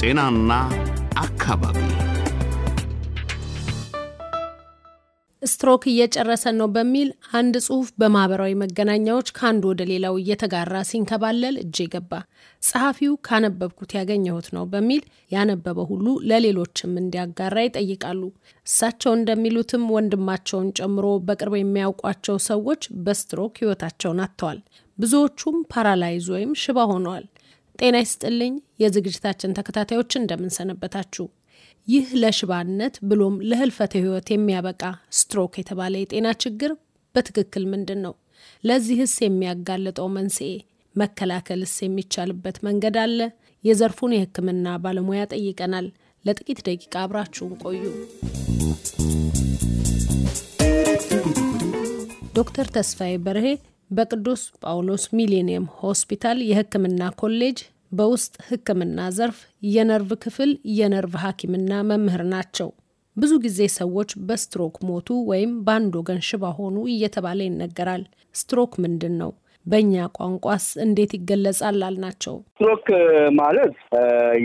ጤናና አካባቢ ስትሮክ እየጨረሰን ነው በሚል አንድ ጽሁፍ በማህበራዊ መገናኛዎች ከአንዱ ወደ ሌላው እየተጋራ ሲንከባለል እጄ ገባ። ጸሐፊው ካነበብኩት ያገኘሁት ነው በሚል ያነበበ ሁሉ ለሌሎችም እንዲያጋራ ይጠይቃሉ። እሳቸው እንደሚሉትም ወንድማቸውን ጨምሮ በቅርብ የሚያውቋቸው ሰዎች በስትሮክ ህይወታቸውን አጥተዋል። ብዙዎቹም ፓራላይዝ ወይም ሽባ ሆነዋል። ጤና ይስጥልኝ የዝግጅታችን ተከታታዮች እንደምንሰነበታችሁ። ይህ ለሽባነት ብሎም ለህልፈተ ህይወት የሚያበቃ ስትሮክ የተባለ የጤና ችግር በትክክል ምንድን ነው? ለዚህስ የሚያጋልጠው መንስኤ፣ መከላከልስ የሚቻልበት መንገድ አለ? የዘርፉን የህክምና ባለሙያ ጠይቀናል። ለጥቂት ደቂቃ አብራችሁን ቆዩ። ዶክተር ተስፋዬ በርሄ በቅዱስ ጳውሎስ ሚሌኒየም ሆስፒታል የሕክምና ኮሌጅ በውስጥ ሕክምና ዘርፍ የነርቭ ክፍል የነርቭ ሐኪምና መምህር ናቸው። ብዙ ጊዜ ሰዎች በስትሮክ ሞቱ ወይም በአንድ ወገን ሽባ ሆኑ እየተባለ ይነገራል። ስትሮክ ምንድን ነው? በእኛ ቋንቋስ እንዴት ይገለጻል? አልናቸው። ስትሮክ ማለት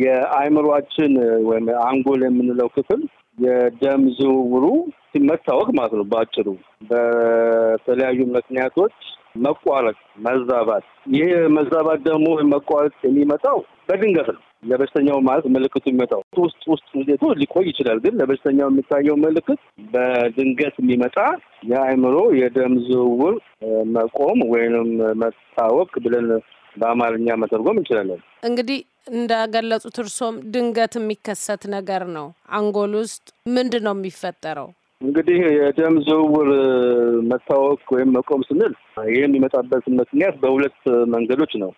የአእምሯችን ወይም አንጎል የምንለው ክፍል የደም ዝውውሩ መታወክ ማለት ነው። በአጭሩ በተለያዩ ምክንያቶች መቋረጥ፣ መዛባት። ይህ መዛባት ደግሞ መቋረጥ የሚመጣው በድንገት ነው። ለበሽተኛው ማለት ምልክቱ የሚመጣው ውስጥ ውስጥ ውዜቶ ሊቆይ ይችላል። ግን ለበሽተኛው የሚታየው ምልክት በድንገት የሚመጣ የአእምሮ የደም ዝውውር መቆም ወይንም መታወክ ብለን በአማርኛ መተርጎም እንችላለን። እንግዲህ እንዳገለጹት እርሶም ድንገት የሚከሰት ነገር ነው። አንጎል ውስጥ ምንድን ነው የሚፈጠረው? እንግዲህ የደም ዝውውር መታወክ ወይም መቆም ስንል ይህ የሚመጣበት ምክንያት በሁለት መንገዶች ነው።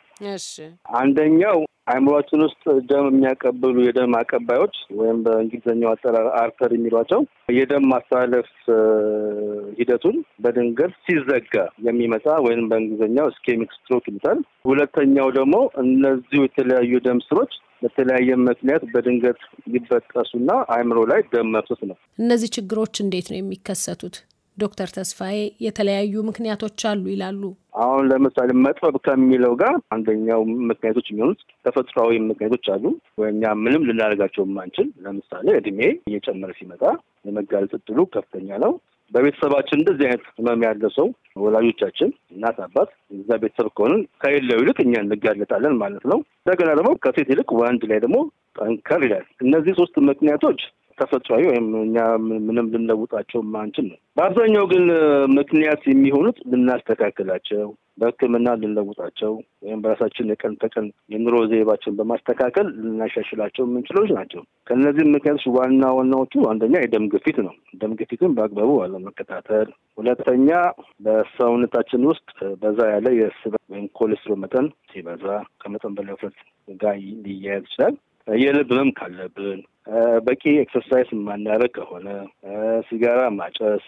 አንደኛው አይምሯችን ውስጥ ደም የሚያቀብሉ የደም አቀባዮች ወይም በእንግሊዝኛው አጠራር አርተር የሚሏቸው የደም ማስተላለፍ ሂደቱን በድንገት ሲዘጋ የሚመጣ ወይም በእንግሊዝኛው ስኬሚክ ስትሮክ ይሉታል። ሁለተኛው ደግሞ እነዚሁ የተለያዩ ደም ስሮች በተለያየ ምክንያት በድንገት ይበጠሱና አእምሮ ላይ ደም መፍሰስ ነው። እነዚህ ችግሮች እንዴት ነው የሚከሰቱት? ዶክተር ተስፋዬ የተለያዩ ምክንያቶች አሉ ይላሉ። አሁን ለምሳሌ መጥበብ ከሚለው ጋር አንደኛው ምክንያቶች የሚሆኑት ተፈጥሯዊ ምክንያቶች አሉ፣ ወይም እኛ ምንም ልናደርጋቸው የማንችል ለምሳሌ እድሜ እየጨመረ ሲመጣ የመጋለጥ ዕድሉ ከፍተኛ ነው። በቤተሰባችን እንደዚህ አይነት ህመም ያለ ሰው ወላጆቻችን፣ እናት፣ አባት እዛ ቤተሰብ ከሆንን ከሌለው ይልቅ እኛ እንጋለጣለን ማለት ነው። እንደገና ደግሞ ከሴት ይልቅ ወንድ ላይ ደግሞ ጠንከር ይላል። እነዚህ ሶስት ምክንያቶች ተፈጥሯዊ ወይም እኛ ምንም ልንለውጣቸው ማንችል ነው። በአብዛኛው ግን ምክንያት የሚሆኑት ልናስተካክላቸው በሕክምና ልንለውጣቸው ወይም በራሳችን የቀን ተቀን የኑሮ ዘይቤያችንን በማስተካከል ልናሻሽላቸው የምንችሎች ናቸው። ከእነዚህም ምክንያቶች ዋና ዋናዎቹ አንደኛ የደም ግፊት ነው። ደም ግፊትን በአግባቡ አለመከታተል፣ ሁለተኛ በሰውነታችን ውስጥ በዛ ያለ የስበ ወይም ኮሌስትሮል መጠን ሲበዛ ከመጠን በላይ ውፍረት ጋር ሊያያዝ ይችላል። የልብ ህመም ካለብን በቂ ኤክሰርሳይዝ የማናደርግ ከሆነ ሲጋራ ማጨስ፣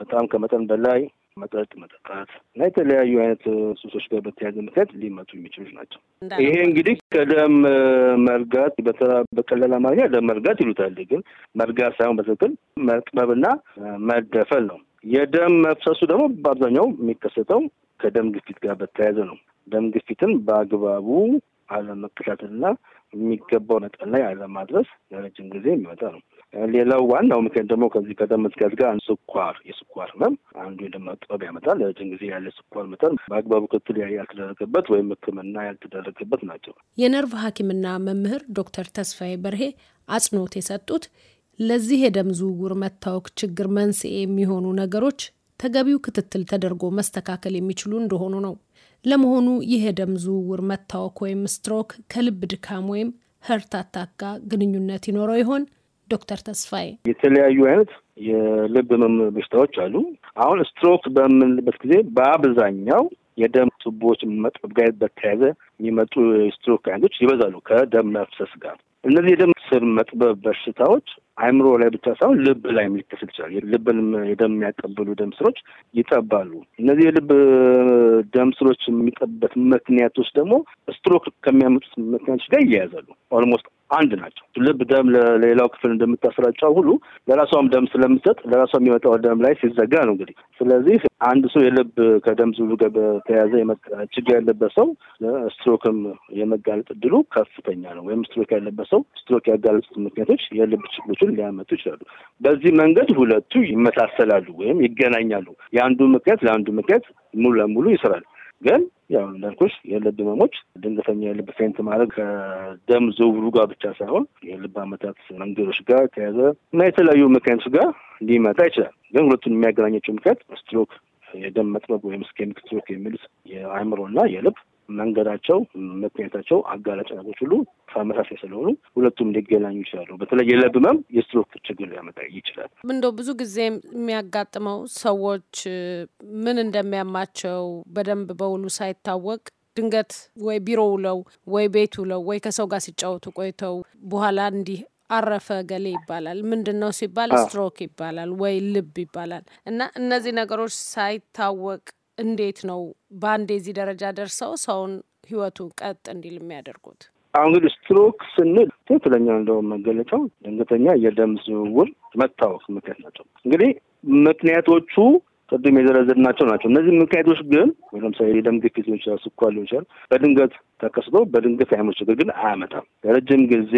በጣም ከመጠን በላይ መጠጥ መጠጣት እና የተለያዩ አይነት ሱሶች ጋር በተያያዘ ምክንያት ሊመቱ የሚችሉች ናቸው። ይሄ እንግዲህ ከደም መርጋት በቀላል አማርኛ ደም መርጋት ይሉታል፣ ግን መርጋት ሳይሆን በትክክል መጥበብና መደፈል ነው። የደም መፍሰሱ ደግሞ በአብዛኛው የሚከሰተው ከደም ግፊት ጋር በተያያዘ ነው። ደም ግፊትን በአግባቡ አለመከታተልና የሚገባው ነጥብ ላይ አለማድረስ ለረጅም ጊዜ የሚመጣ ነው። ሌላው ዋናው ምክንያት ደግሞ ከዚህ ከደም ጋር ስኳር፣ የስኳር ህመም አንዱ ደግሞ ጥበብ ያመጣል። ለረጅም ጊዜ ያለ ስኳር መጠን በአግባቡ ክትል ያልተደረገበት ወይም ሕክምና ያልተደረገበት ናቸው። የነርቭ ሐኪምና መምህር ዶክተር ተስፋዬ በርሄ አጽንኦት የሰጡት ለዚህ የደም ዝውውር መታወክ ችግር መንስኤ የሚሆኑ ነገሮች ተገቢው ክትትል ተደርጎ መስተካከል የሚችሉ እንደሆኑ ነው። ለመሆኑ ይህ የደም ዝውውር መታወክ ወይም ስትሮክ ከልብ ድካም ወይም ህርት አታካ ግንኙነት ይኖረው ይሆን? ዶክተር ተስፋዬ የተለያዩ አይነት የልብ ህመም በሽታዎች አሉ። አሁን ስትሮክ በምንልበት ጊዜ በአብዛኛው የደም ቱቦዎች መጠብ ጋር በተያያዘ የሚመጡ ስትሮክ አይነቶች ይበዛሉ ከደም መፍሰስ ጋር። እነዚህ የደም ስር መጥበብ በሽታዎች አይምሮ ላይ ብቻ ሳይሆን ልብ ላይ ሊከሰት ይችላል። ልብን የደም የሚያቀብሉ ደም ስሮች ይጠባሉ። እነዚህ የልብ ደም ስሮች የሚጠብበት ምክንያቶች ደግሞ ስትሮክ ከሚያመጡት ምክንያቶች ጋር ይያያዛሉ። ኦልሞስት አንድ ናቸው። ልብ ደም ለሌላው ክፍል እንደምታስራጫው ሁሉ ለራሷም ደም ስለምትሰጥ ለራሷ የሚመጣው ደም ላይ ሲዘጋ ነው እንግዲህ። ስለዚህ አንድ ሰው የልብ ከደም ዝውውር ጋር በተያያዘ ችግር ያለበት ሰው ስትሮክም የመጋለጥ እድሉ ከፍተኛ ነው። ወይም ስትሮክ ያለበት ሰው ስትሮክ ያጋለጡት ምክንያቶች የልብ ችግሮችን ሊያመጡ ይችላሉ። በዚህ መንገድ ሁለቱ ይመሳሰላሉ ወይም ይገናኛሉ። የአንዱ ምክንያት ለአንዱ ምክንያት ሙሉ ለሙሉ ይስራል ግን ያው እንዳልኩሽ የልብ ህመሞች ድንገተኛ የልብ ፌንት ማድረግ ከደም ዝውውሩ ጋር ብቻ ሳይሆን የልብ አመታት መንገዶች ጋር ከያዘ እና የተለያዩ ምክንያቶች ጋር ሊመጣ ይችላል። ግን ሁለቱን የሚያገናኘችው ምክንያት ስትሮክ፣ የደም መጥበብ ወይም ስኬሚክ ስትሮክ የሚሉት እና የልብ መንገዳቸው፣ መገኘታቸው፣ ነገሮች ሁሉ ተመሳሳይ ስለሆኑ ሁለቱም ሊገናኙ ይችላሉ። በተለይ የልብ ህመም የስትሮክ ችግር ሊያመጣ ይችላል። እንደው ብዙ ጊዜ የሚያጋጥመው ሰዎች ምን እንደሚያማቸው በደንብ በውሉ ሳይታወቅ ድንገት ወይ ቢሮ ውለው ወይ ቤት ውለው ወይ ከሰው ጋር ሲጫወቱ ቆይተው በኋላ እንዲህ አረፈ ገሌ ይባላል። ምንድን ነው ሲባል ስትሮክ ይባላል ወይ ልብ ይባላል። እና እነዚህ ነገሮች ሳይታወቅ እንዴት ነው በአንዴ እዚህ ደረጃ ደርሰው ሰውን ህይወቱ ቀጥ እንዲል የሚያደርጉት? እንግዲህ ስትሮክ ስንል ትክክለኛ እንደውም መገለጫው ድንገተኛ የደም ዝውውር መታወክ ምክንያት ናቸው። እንግዲህ ምክንያቶቹ ቅድም የዘረዘርናቸው ናቸው። ናቸው። እነዚህ ምክንያቶች ግን ለምሳሌ የደም ግፊት ሊሆን ይችላል፣ ስኳር ሊሆን ይችላል። በድንገት ተከስቶ በድንገት የአይምሮ ችግር ግን አያመጣም። ለረጅም ጊዜ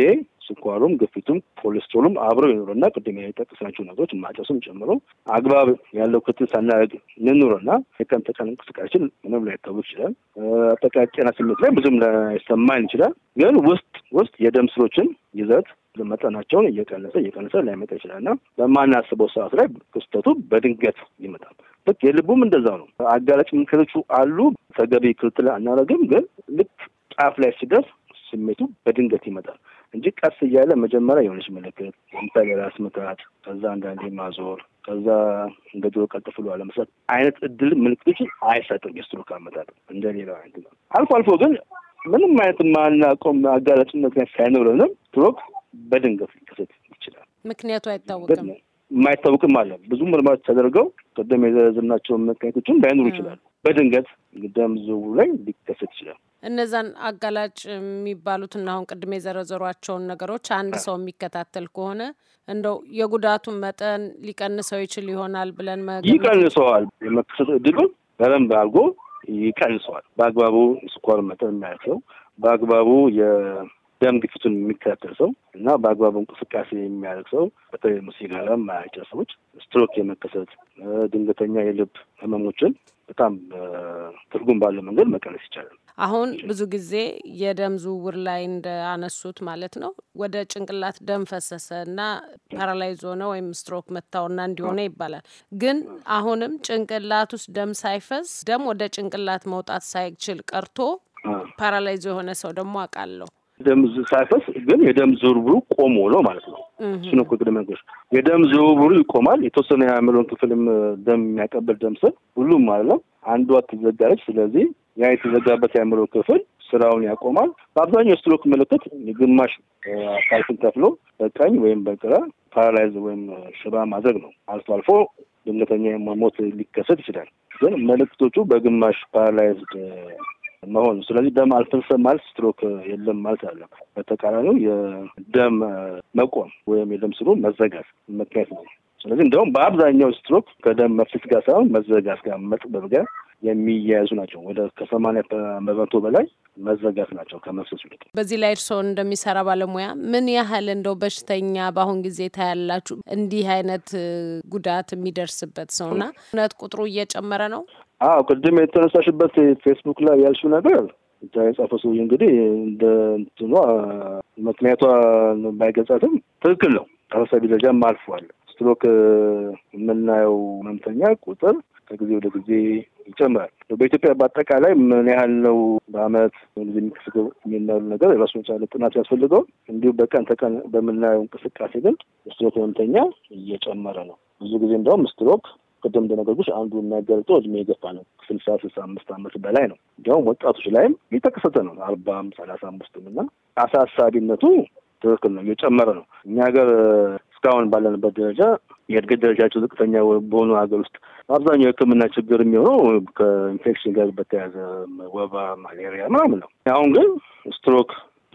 ስኳሩም ግፊቱም ኮሌስትሮሉም አብረው ይኖረና ቅድም የጠቀስናቸው ነገሮች ማጨሱም ጨምሮ አግባብ ያለው ክትትል ሳናደርግ ልንኖረና የቀን ተቀን እንቅስቃሴችን ምንም ላይታወቅ ይችላል። አጠቃላይ ጤና ስሜት ላይ ብዙም ላይሰማን ይችላል። ግን ውስጥ ውስጥ የደም ስሮችን ይዘት መጠናቸውን እየቀነሰ እየቀነሰ ላይመጣ ይችላል እና በማናስበው ሰዓት ላይ ክስተቱ በድንገት ይመጣል። ልክ የልቡም እንደዛ ነው። አጋላጭ ምክሮቹ አሉ። ተገቢ ክትትል አናረግም፣ ግን ልክ ጫፍ ላይ ሲደርስ ስሜቱ በድንገት ይመጣል እንጂ ቀስ እያለ መጀመሪያ የሆነች ምልክት ለምሳሌ ራስ ምታት፣ ከዛ አንዳንዴ ማዞር፣ ከዛ እንደ ድሮ ቀጥ ብሎ አለመስራት አይነት እድል ምልክቶችን አይሰጥም። የስትሮክ አመጣጥ እንደ ሌላው አይነት ነው። አልፎ አልፎ ግን ምንም አይነት ማናቆም አጋላጭነት ሳይኖረንም ስትሮክ በድንገት ሊከሰት ይችላል። ምክንያቱ አይታወቅም የማይታወቅም አለ። ብዙ ምርመራዎች ተደርገው ቀደም የዘረዝናቸውን መካሄቶችን ባይኖሩ ይችላሉ። በድንገት ደም ዝውውሩ ላይ ሊከሰት ይችላል። እነዛን አጋላጭ የሚባሉትና አሁን ቅድም የዘረዘሯቸውን ነገሮች አንድ ሰው የሚከታተል ከሆነ እንደው የጉዳቱን መጠን ሊቀንሰው ይችል ይሆናል ብለን ይቀንሰዋል። የመከሰት እድሉን በደንብ አድርጎ ይቀንሰዋል። በአግባቡ ስኳር መጠን የሚያያቸው በአግባቡ ደም ግፊቱን የሚከታተል ሰው እና በአግባቡ እንቅስቃሴ የሚያደርግ ሰው በተለይ ሲጋራ የማያጨስ ሰዎች ስትሮክ የመከሰት ድንገተኛ የልብ ህመሞችን በጣም ትርጉም ባለው መንገድ መቀነስ ይቻላል። አሁን ብዙ ጊዜ የደም ዝውውር ላይ እንደአነሱት ማለት ነው ወደ ጭንቅላት ደም ፈሰሰ እና ፓራላይዝ ሆነ ወይም ስትሮክ መታውና እንዲሆነ ይባላል። ግን አሁንም ጭንቅላት ውስጥ ደም ሳይፈስ ደም ወደ ጭንቅላት መውጣት ሳይችል ቀርቶ ፓራላይዝ የሆነ ሰው ደግሞ አውቃለሁ ደም ሳይፈስ ግን የደም ዝውውሩ ቆሞ ነው ማለት ነው። እሱ ነው ቅድመ ነገር። የደም ዝውውሩ ይቆማል። የተወሰነ የአእምሮን ክፍልም ደም የሚያቀብል ደም ስር ሁሉም አይደለም፣ አንዷ ትዘጋለች። ስለዚህ ያ የተዘጋበት የአእምሮ ክፍል ስራውን ያቆማል። በአብዛኛው ስትሮክ ምልክት የግማሽ አካልፍን ከፍሎ በቀኝ ወይም በግራ ፓራላይዝ ወይም ሽባ ማድረግ ነው። አልፎ አልፎ ድንገተኛ ሞት ሊከሰት ይችላል። ግን ምልክቶቹ በግማሽ ፓራላይዝ መሆኑ። ስለዚህ ደም አልተፈሰሰም ማለት ስትሮክ የለም ማለት አይደለም። በተቃራኒው የደም መቆም ወይም የደም ስሩ መዘጋት ምክንያት ነው። ስለዚህ እንደውም በአብዛኛው ስትሮክ ከደም መፍሰስ ጋር ሳይሆን መዘጋት ጋር መጥበብ ጋር የሚያያዙ ናቸው። ወደ ከሰማንያ በመቶ በላይ መዘጋት ናቸው ከመፍሰስ ይልቅ። በዚህ ላይ እርስዎ እንደሚሰራ ባለሙያ ምን ያህል እንደው በሽተኛ በአሁን ጊዜ ታያላችሁ እንዲህ አይነት ጉዳት የሚደርስበት ሰውና እውነት ቁጥሩ እየጨመረ ነው? አዎ ቅድም የተነሳሽበት ፌስቡክ ላይ ያልሽው ነገር እዛ የጻፈ ሰውዬ እንግዲህ እንደ እንትኗ ምክንያቷ ባይገጻትም ትክክል ነው። ተመሳሳይ ደረጃም አልፏል። ስትሮክ የምናየው ህመምተኛ ቁጥር ከጊዜ ወደ ጊዜ ይጨምራል። በኢትዮጵያ በአጠቃላይ ምን ያህል ነው በአመት ጊዜ የሚከሰተው የሚናሉ ነገር የራሱ መቻለ ጥናት ያስፈልገው። እንዲሁም በቀን ተቀን በምናየው እንቅስቃሴ ግን ስትሮክ ህመምተኛ እየጨመረ ነው። ብዙ ጊዜ እንደውም ስትሮክ ቅድም እንደነገርኩሽ አንዱ የሚያጋልጠው እድሜ የገፋ ነው። ስልሳ ስልሳ አምስት አመት በላይ ነው። እንዲያውም ወጣቶች ላይም እየተከሰተ ነው። አርባም ሰላሳ አምስትም እና አሳሳቢነቱ ትክክል ነው፣ እየጨመረ ነው። እኛ ሀገር እስካሁን ባለንበት ደረጃ የእድገት ደረጃቸው ዝቅተኛ በሆኑ ሀገር ውስጥ አብዛኛው የሕክምና ችግር የሚሆነው ከኢንፌክሽን ጋር በተያያዘ ወባ፣ ማሌሪያ ምናምን ነው። አሁን ግን ስትሮክ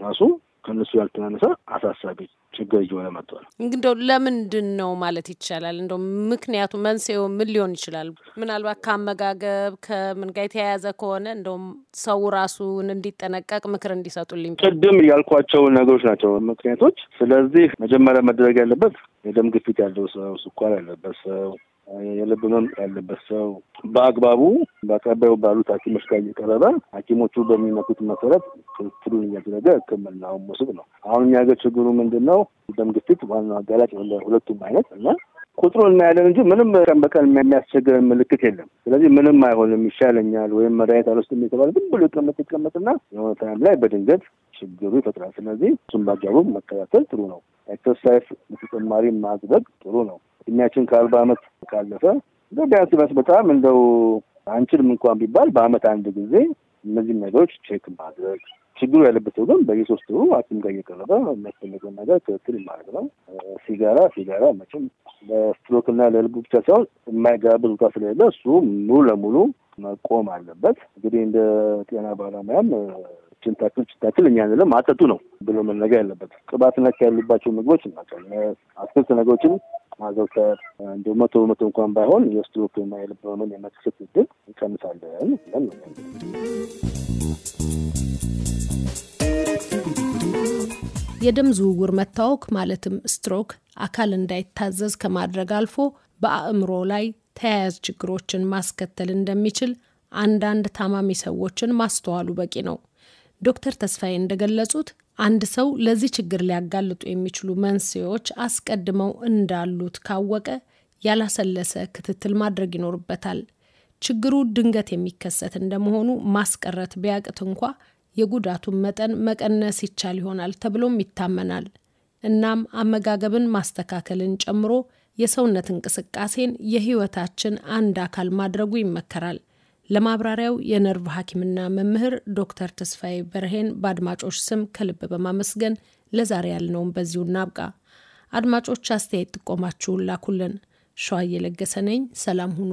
ራሱ ከእነሱ ያልተናነሰ አሳሳቢ ችግር እየሆነ መጥቷል። እንግዲህ ለምንድን ነው ማለት ይቻላል እንደ ምክንያቱ መንስኤው ምን ሊሆን ይችላል? ምናልባት ከአመጋገብ ከምን ጋር የተያያዘ ከሆነ እንደውም ሰው ራሱን እንዲጠነቀቅ ምክር እንዲሰጡልኝ ቅድም ያልኳቸው ነገሮች ናቸው ምክንያቶች። ስለዚህ መጀመሪያ መደረግ ያለበት የደም ግፊት ያለው ሰው፣ ስኳር ያለበት ሰው የልብ ህመም ያለበት ሰው በአግባቡ በአቅራቢያው ባሉት ሐኪሞች ጋር እየቀረበ ሐኪሞቹ በሚመኩት መሰረት ክትትሉን እያደረገ ሕክምናውን መውሰድ ነው። አሁን የሀገር ችግሩ ምንድን ነው? ደም ግፊት ዋና አጋላጭ ሁለቱም አይነት እና ቁጥሩን እናያለን እንጂ ምንም ቀን በቀን የሚያስቸግር ምልክት የለም። ስለዚህ ምንም አይሆንም ይሻለኛል ወይም መድኃኒት አልወስድም የተባለ ዝም ብሎ ይቀመጥ ይቀመጥና የሆነ ታይም ላይ በድንገት ችግሩ ይፈጥራል። ስለዚህ እሱም በአግባቡ መከታተል ጥሩ ነው። ኤክሰርሳይዝ በተጨማሪ ማድረግ ጥሩ ነው። እድሜያችን ከአርባ ዓመት ካለፈ ቢያንስ ቢያንስ በጣም እንደው አንችልም እንኳን ቢባል በአመት አንድ ጊዜ እነዚህ ነገሮች ቼክ ማድረግ ችግሩ ያለበት ሰው ግን በየሶስት ወሩ ሐኪም ጋር እየቀረበ የሚያስፈልገው ነገር ክትትል ማድረግ ነው። ሲጋራ ሲጋራ መቼም ለስትሮክ እና ለልቡ ብቻ ሳይሆን የማይጋብዝ ቦታ ስለሌለ እሱ ሙሉ ለሙሉ መቆም አለበት። እንግዲህ እንደ ጤና ባለሙያም ችንታክል ችንታክል እኛ ንለም አጠጡ ነው ብሎ መነገር ያለበት ቅባት ነክ ያሉባቸው ምግቦች ናቸው። አትክልት ነገሮችን ማዘውተር እንደ መቶ በመቶ እንኳን ባይሆን የስትሮክ እና የልብ ህመምን የመከሰት እድል ይቀንሳለን። የደም ዝውውር መታወክ ማለትም ስትሮክ አካል እንዳይታዘዝ ከማድረግ አልፎ በአእምሮ ላይ ተያያዝ ችግሮችን ማስከተል እንደሚችል አንዳንድ ታማሚ ሰዎችን ማስተዋሉ በቂ ነው። ዶክተር ተስፋዬ እንደገለጹት አንድ ሰው ለዚህ ችግር ሊያጋልጡ የሚችሉ መንስኤዎች አስቀድመው እንዳሉት ካወቀ ያላሰለሰ ክትትል ማድረግ ይኖርበታል። ችግሩ ድንገት የሚከሰት እንደመሆኑ ማስቀረት ቢያቅት እንኳ የጉዳቱን መጠን መቀነስ ይቻል ይሆናል ተብሎም ይታመናል። እናም አመጋገብን ማስተካከልን ጨምሮ የሰውነት እንቅስቃሴን የህይወታችን አንድ አካል ማድረጉ ይመከራል። ለማብራሪያው የነርቭ ሐኪምና መምህር ዶክተር ተስፋዬ በርሄን በአድማጮች ስም ከልብ በማመስገን ለዛሬ ያልነውን በዚሁ እናብቃ። አድማጮች አስተያየት ጥቆማችሁን ላኩልን። ሸዋ እየለገሰ ነኝ። ሰላም ሁኑ።